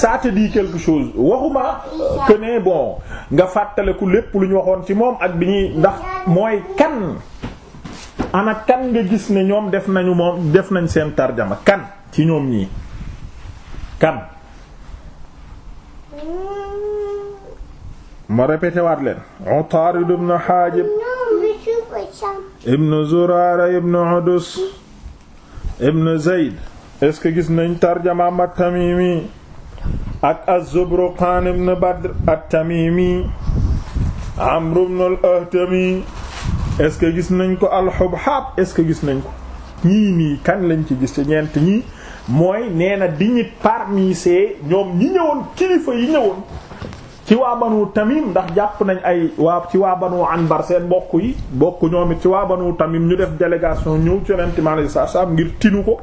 ça te dit quelque chose waxuma euh, que bon nga fàttaliku lépp lu ñu waxoon ci moom ak bi ñuy ndax mooy kan ana kan nga gis ne ñoom def nañu moom def nañ seen tarjama kan ci ñoom ñii kan ma répété waat leen Utarid ibn Hajib ibn Zurara ibn Udus ibn Zayd est-ce que gis nañ tarjamaam at-Tamimi ak az-Zubruqaan ibn Badr at-Tamimi Amr ibn al-Ahtami est-ce que gis nañ ko al-Hubhab est-ce que gis nañ ko ñii nii kan lañ ci gis ci ñeent ñii mooy nee na diñit parmi ces ñoom ñi ñëwoon kilifa yi ñëwoon ci waa banu tamim ndax jàpp nañ ay waa ci waa banu anbar seen bokk yi bokk ñoom ci waa banu tamim ñu def délégation ñëw ci yonent mi alayhi ngir tinu ko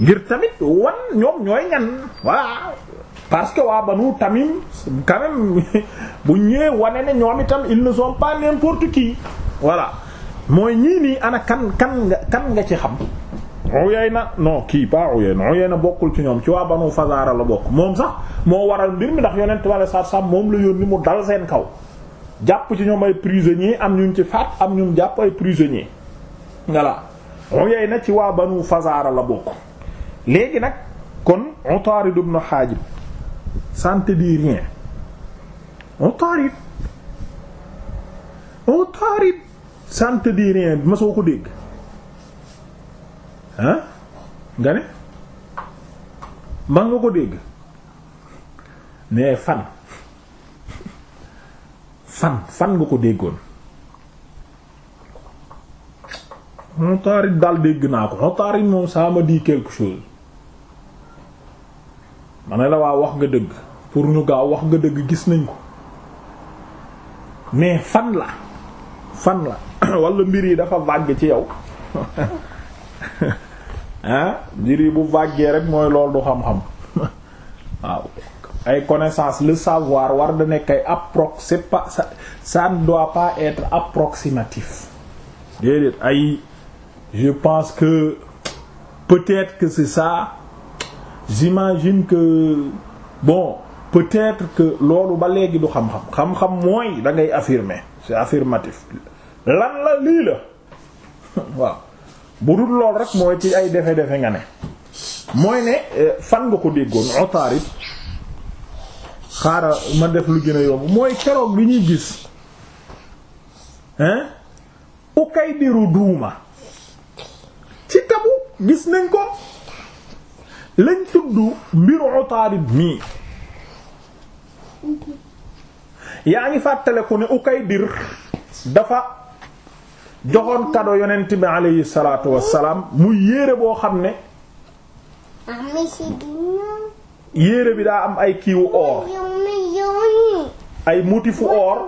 ngir tamit wan ñoom ñooy ñan voilà parce que waa banu tamim quand bu ñëwee wane ne ñoom itam ils ne sont pas n'importe qui voilà mooy ñii ana kan kan nga kan nga ci xam Uyayna non kii pas Uyayna Uyayna bokkul ci ñoom ci waa Banu Fazaara la bokk moom sax moo waral mbir mi ndax yonent bi saa saam moom la yónni mu dal seen kaw jàpp ci ñoom ay prisonniers am ñu ci faat am ñu jàpp ay prisonniers voilà Uyayna ci waa Banu Fazaara la bokk léegi nag kon Utaarid ibn Haajib ça ne te dit rien Utaarid Utaarid ça ne te dit ma soo ko dégg. ah nga ne man nga ko dégg mais fan fan fan nga ko déggoon Utaarid daal dégg naa ko Utaarid moom ça m'a dit quelque chose ma la waa wax nga dëgg pour ñu gaaw wax nga dëgg gis nañ ko mais fan la fan la wala mbir yi dafa vague ci yow ah mbir bu vaguer rek mooy lool du xam-xam waaw ay connaissance le savoir war da nekk ay approx c'est pas ça ça ne doit pas être approximatif déedéet ay je pense que peut-être que c'est ça j'imagine que bon peut-être que loolu ba léegi du xam-xam xam-xam mooy da ngay affirmer c'est affirmatif lan la lii la waaw bu dul lool rek mooy ci ay defe-defe nga ne mooy ne euh, fan nga ko déggoon otaarit xaaral ma def lu gën a mooy keroog bi ñuy gis hein ukay diru duuma ci tabu gis nañ ko lañ tudd mbiru otaarit mii yaa ngi fàttale ku ne ukay dir dafa joxoon kado yonent bi alayhi salaatu wassalaam mu yéere boo xam ne yéere bi daa am ay kiiwu or ay motifu or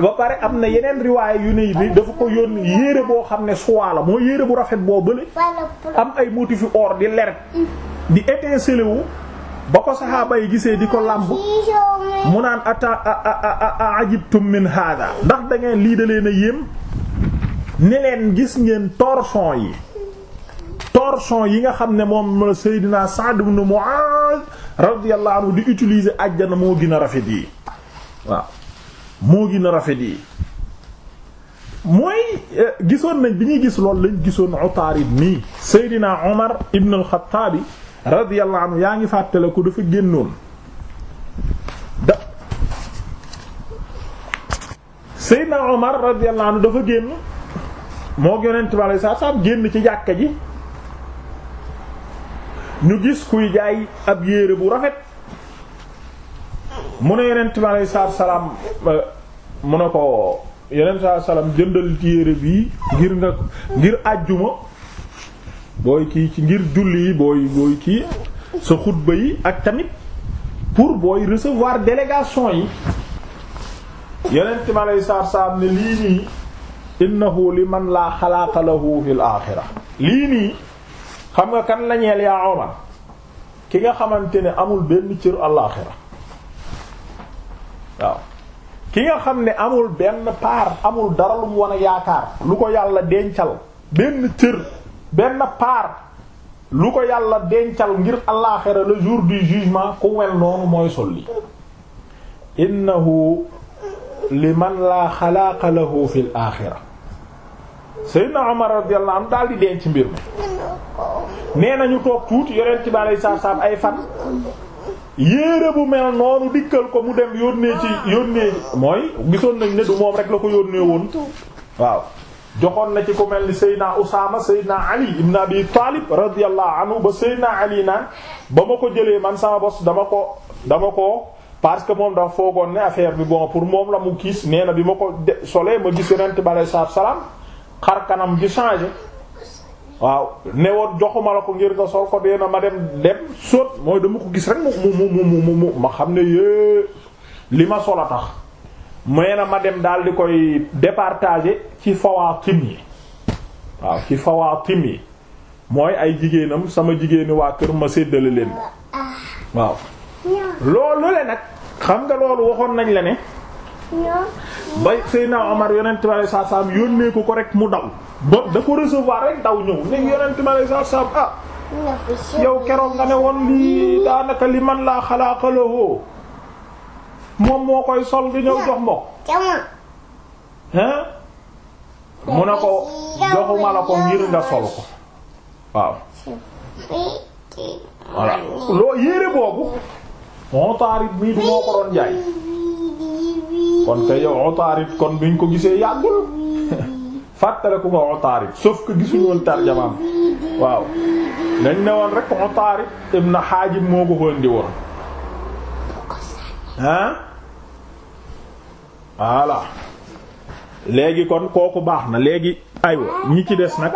ba pare am na yeneen riwaaya yu ne bi dafa ko yónni yéere boo xam ne suwaa moo yéere bu rafet boo bële am ay motifu or di leret di étinceler ba ko saxaaba yi gisee di ko làmb mu naan ata ajibtum min hada ndax da ngeen lii da leen a yéem ne leen gis ngeen torchon yi torchon yi nga xam ne moom la Seydina Sa'd ibn Mu'adh radiyallahu anhu di utiliser àjjana moo gën a rafet yi waaw moo gën a rafet yi mooy eh, gisoon nañ bi ñuy gis loolu lañ gisoon Utarid nii Seydina Omar ibn al-Khattabi radiyallahu anhu yaa ngi fàttaliku dafa génnoon da Seydina Omar radiyallahu dafa génn moo yonent bi génn ci jàkka ji ñu gis kuy jaay ab yére bu rafet mun ne yonent bi alei salaam mu ne ko yonent salaam jëndal ci yére bi ngir nga ngir àjjuma booy kii ci ngir julli yi booy booy kii sa xutba yi ak tamit pour booy recevoir délégation yi yeneen ma lay saar saar ne lii nii innahu li man laa xalaaqa lahu fil aaxira lii nii xam nga kan la ñeel yaa Omar ki nga xamante ne amul benn cër alaaxira waaw ki nga xam ni amul benn paar amul dara lu mu wan yaakaar lu ko yàlla dencal benn cër benn part lu ko yàlla dencal ngir allaaxira le jour du jugement ku wel noonu mooy solli innahu li man laa xalaaqa lahu fil aaxira Seydina Omar radiyallahu anhu daal di denc mbir mi nee nañu toog tuuti yoreen ci baalay saab ay fan yéere bu mel noonu dikkal ko mu dem yónnee ci yónnee mooy gisoon nañ ne du moom rek la ko yónnee woon waaw joxoon na ci ku mel ni Seydina Usaama Seydina Ali ibn Abi Taalib radiyallahu anhu ba Seydina Ali naan ba ma ko jëlee man sama bos dama ko dama ko parce que moom dafa foogoon ne affaire bi bon pour moom la mu gis nee na bi ma ko solee ma gis Yonent bi alayhi salaatu salaam xar kanam gi changé waaw ne woon joxuma la ko ngir nga sol ko dee na ma dem dem sóot mooy dama ko gis rek mu mu mu mu mu ma xam ne yée li ma sol a tax. mooy na ma dem daal di koy départager ci fawaatim yi waaw ci fawaatim yi mooy ay jigéenam sama jigéeni waa kër ma séddale leen ko waaw loolu le nag xam nga loolu waxoon nañ la ne ba Seydina Omar yonent bi alei satu salaam yónnee ko ko rek mu daw ba da ko recevoir rek daw ñëw ne yonent bi alei satu ah yow keroog nga ne woon lii daanaka li man laa xalaaqa lahu moom moo koy sol di ñëw jox mbokk hein mu ne ko joxuma la ko ngir nga sol ko waaw loo yére boobu Utaarid mii moo ko jaay kon kay yow kon biñ ko gisee yàggul fàttaliku nga Utaarid sauf que gisuñu woon tarjamaam waaw dañ ne woon rek Utaarid ibn Haajib moo ko woon di woon ah voilà léegi kon kooku baax na léegi aywa ñi ci des nag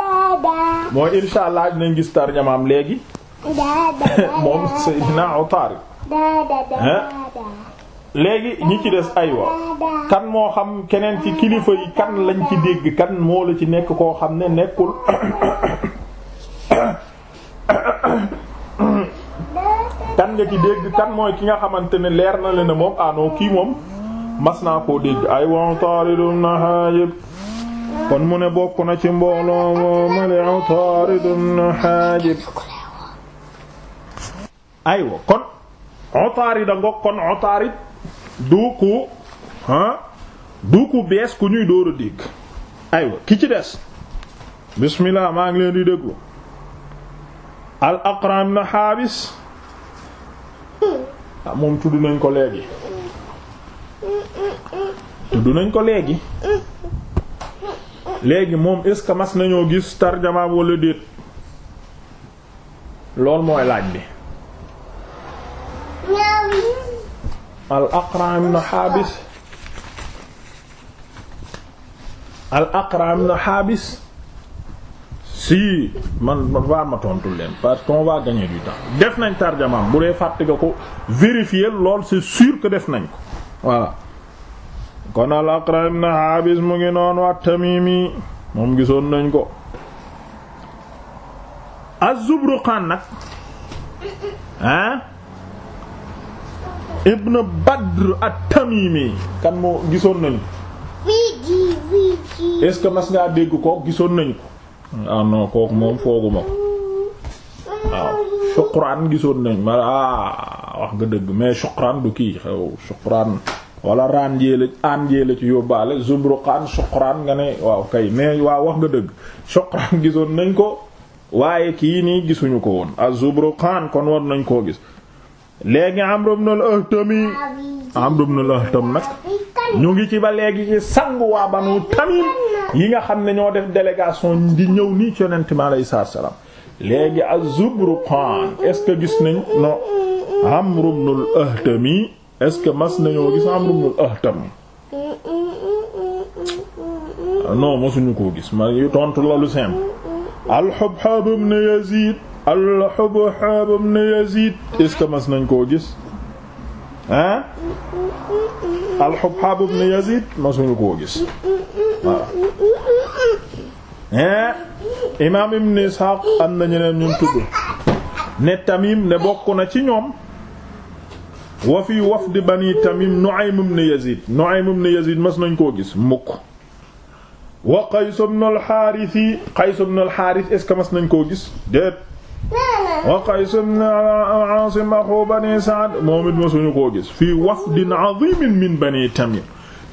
mooy insha allah gis tarjamaam léegi moom Seydina Utaarid léegi ñi ci des aywa kan moo xam keneen ci kilifa yi kan lañ ci dégg kan moo la ci nekk koo xam ne nekkul kan nga ci dégg kan mooy ki nga xamante ne leer na leen ne moom anoo ah kii moom mas naa koo dégg ay wan taaridun nahaayib kon mu ne bokk na ci mbooloo mooma li utaaridun nahaajib aywa ah, bees ku ñuy dóor a dégg aywa ki ci des bismillah maa ngi leen di déglu al aqram na xaabis Ah, moom tudd nañ ko léegi tudd nañ ko léegi léegi moom est-ce que mas nañoo gis tarjamaam wala déet loolu mooy laaj bi al Aqra ibn xaabis al Aqra ibn Habis si man baal ma tontu leen parce qu'on va gagner du temps def nañ tarjamaam bu dee fàtte nga ko vérifier lool c'est sûr que def nañ ko voilà kon al Aqra ibn Habis mu ngi noonu wa Tamimi moom gisoon nañ ko Az-Zubruqan nag ah Ibn Badr at-Tamimi kan moo gisoon nañ est-ce que mas ngaa dégg ko gisoon nañ ko ah kooku moom fooguma ko waaw ah, suqraan gisoon nañ ma ah wax nga dëgg mais suqraan du kii xew suqraan wala raan jéela aan jéela ci yóbbaale zubruqaan suqraan nga ne waaw kay mais waaw wax nga dëgg suqraan gisoon nañ ko waaye kii nii gisuñu ko woon az-zubruqaan kon war nañ koo gis léegi amru ibn al-ahtami amru ibn al-ahtam nag ñu ngi ci ba léegi ci sangu waa yi nga xam ne ñoo def délégation di ñëw nii ci yonent mi alayhi salaam léegi az-Zubruqan est ce que gis nañ no Amr ibn al-Ahtami est ce que mas nañoo gis Amr ibn al-Ahtam mosuñu koo gis ma tontu la lu simple al-Hubhab ibn Yazid al-Hubhab ibn Yazid est mas nañ koo gis ah al-Hubhab ibn Yazid masuñu koo gis waaw ah imaam ibn Ishaq am na ñeneen ñun tudd ne Tamim ne bokk na ci ñoom wa fi wafd bani Tamim Nu'aym ibn Yazid Nu'aym ibn Yazid mas nañ koo gis mukk wa Qays ibn al-Harith Qays ibn al-Harith est-ce nañ koo gis déet wa Qays ibn Aasim axu bani Sa'd moom it ma suñu koo gis fii wafdin azimin min bani Tamim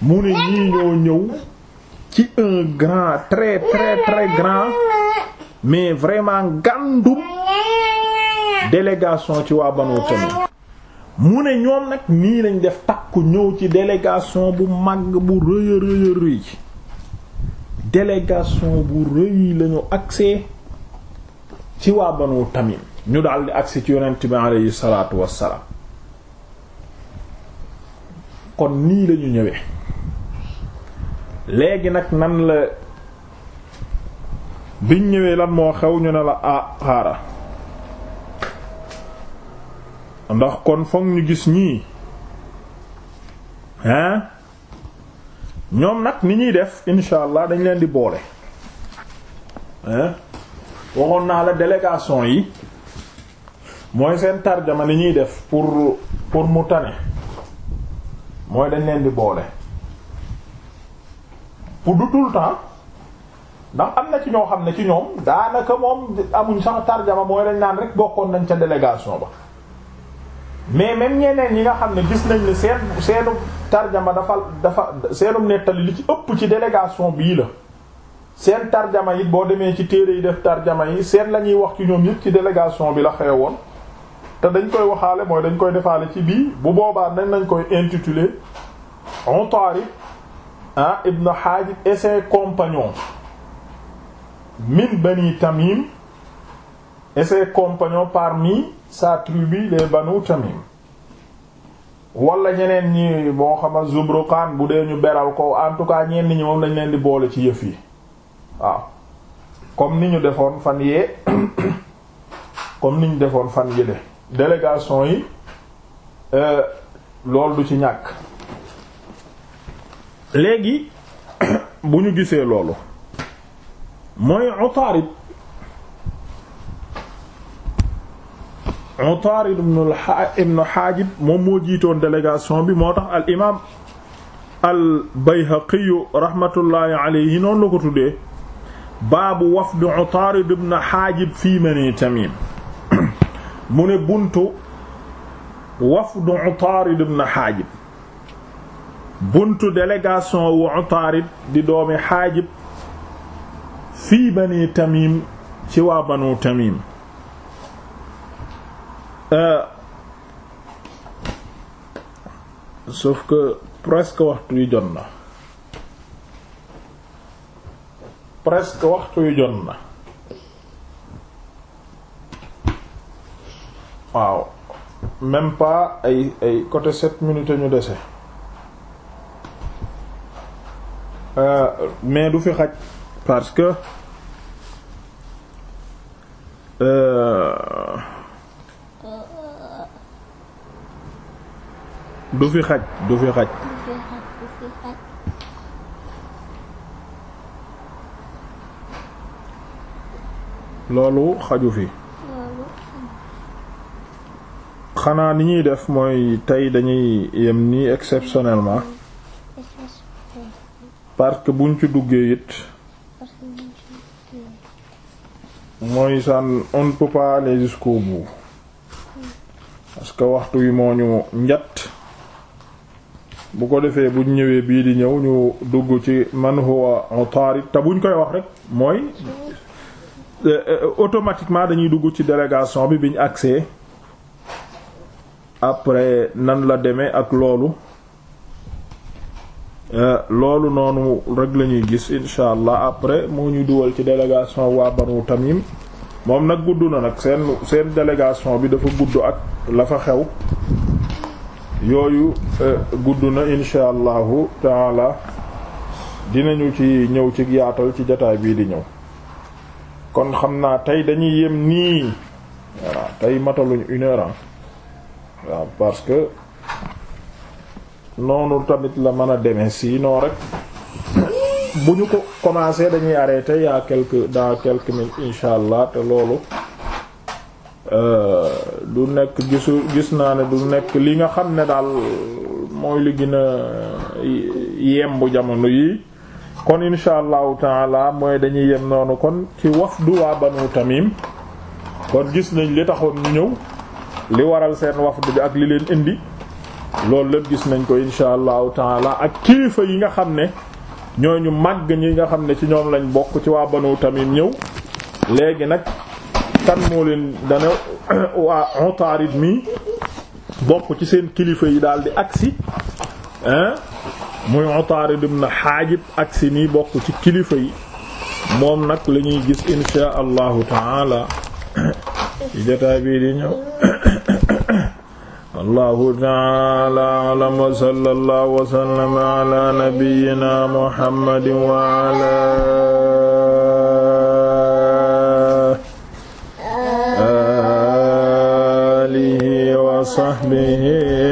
mu ne ñii ñoo ñëw ci un grand très très très grand mais vraiment gàndum délégation ci waa Banu Tamim mu ne ñoom nag nii lañ def takku ñëw ci délégation bu màgg bu rëy a rëy a bu rëy lañu agsee ci waa banu tamim ñu daal di agsi ci yonent bi aleyhi salaatu wassalaam kon nii lañu ñëwee léegi nag nan la biñ ñëwee lan moo xew ñu ne la ah xaara ndax kon foog ñu gis ñii hein ñoom nag ni ñuy def insha allah dañ leen di boole hein waxoon naa la délégation yi mooy seen tarjama ni ñuy def pour pour mu tane mooy dañ leen di boole pour du tout le temps ndax am na ci ñoo xam ne ci ñoom daanaka moom amuñ sax tarjama mooy dañ naan rek bokkoon nañ ca délégation ba mais même ñeneen ñi nga xam ne gis nañ ne seen seenu tarjama dafa dafa seenum nettali li ci ëpp ci délégation bii la seen tarjama yi boo demee ci téere yi def tarjama yi seen la ñuy wax ci ñoom yëpp ci délégation bi la woon te dañ koy waxaale mooy dañ koy defaale ci bii bu boobaa dañ nañ koy intitulé Utarid ah Ibn Hajib et ses compagnons min Bani Tamim et ses compagnons parmi sa tribu les Banu Tamim wala ñeneen ñi boo xama Zubruqan bu dee ñu beral ko en tout cas ñenn ñi moom dañ leen di boole ci yëf yi waaw comme ni ñu defoon fan yee comme ni ñu defoon fan yële délégation yi euh, loolu du ci ñàkk léegi bu ñu gisee loolu mooy Utarid Utarid ibn Haajib moom moo jiitoon délégation bi moo tax al imaam al Bayhaqi rahmatullahi alayhi noonu la ko tuddee baabu wafdu Utaarid ibn Haajib fii Banii Tamiim mu ne buntu wafdu Utaarid ibn Haajib buntu délégation wu Utaarid di doomi Haajib fii Banii Tamiim ci waa Banu Tamiim euh, sauf presque waxtu wi jot presque waxtu yu jot na waaw même pas ay ay côté sept minutes ñu dese euh, mais du fi xaj parce que euh, du fi xaj du fi xaj loolu xaju fi xanaa ni ñuy def mooy tey dañuy yem nii exceptionnellement parce que buñ ci duggee it mooy san on ne peut parce que waxtu wi moo ñu njat bu ko defee buñ ñëwee bii di ñëw ñu dugg ci man huwa utarid te buñ koy wax rek mooy Euh, automatiquement dañuy dugg ci délégation bi bi ñu agsee après nan la demee ak loolu euh, loolu noonu rek lañuy gis incha allah après moo ñuy duwal ci délégation waa Banu Tamim moom nag gudd na nag seen seen délégation bi dafa gudd ak la fa xew yooyu euh, gudd na incha allahu taala dinañu ci ñëw ci yaatal ci jataay bii di ñëw kon xam naa tey dañuy yem nii voilà tey mataluñ une heure ah waaw parce que noonu tamit la mën a demee sinon rek bu ñu ko commencé dañuy arrêté yaa quelques dans quelques minutes insha allah te loolu euh, du nekk gisu gis naa ne du nekk li nga xam ne daal mooy li gën a euh, yembu jamono yi kon insha allahu taala mooy dañuy yem noonu kon ci du waa banu tamim kon gis nañ li taxoon ñu ñëw li waral seen wafdu bi ak li leen indi loolu lépp gis nañ ko insha allahu taala ak kilifa yi nga xam ne ñooñu ñu màgg ñi nga xam ne ci ñoom lañ bokk ci waa banu tamim ñëw léegi nag kan moo leen dana waa Utaarid mi bokk ci seen kilifa yi daal di agsi hein muy Utaarid ibn Haajib ak si nii ci kilifa yi moom nag la ñuy gis insha allahu taala ci jotaay bii di ñëw taala alam wa sallallahu ala nabiyyina muhammadin wa ala alihi wa sahbihi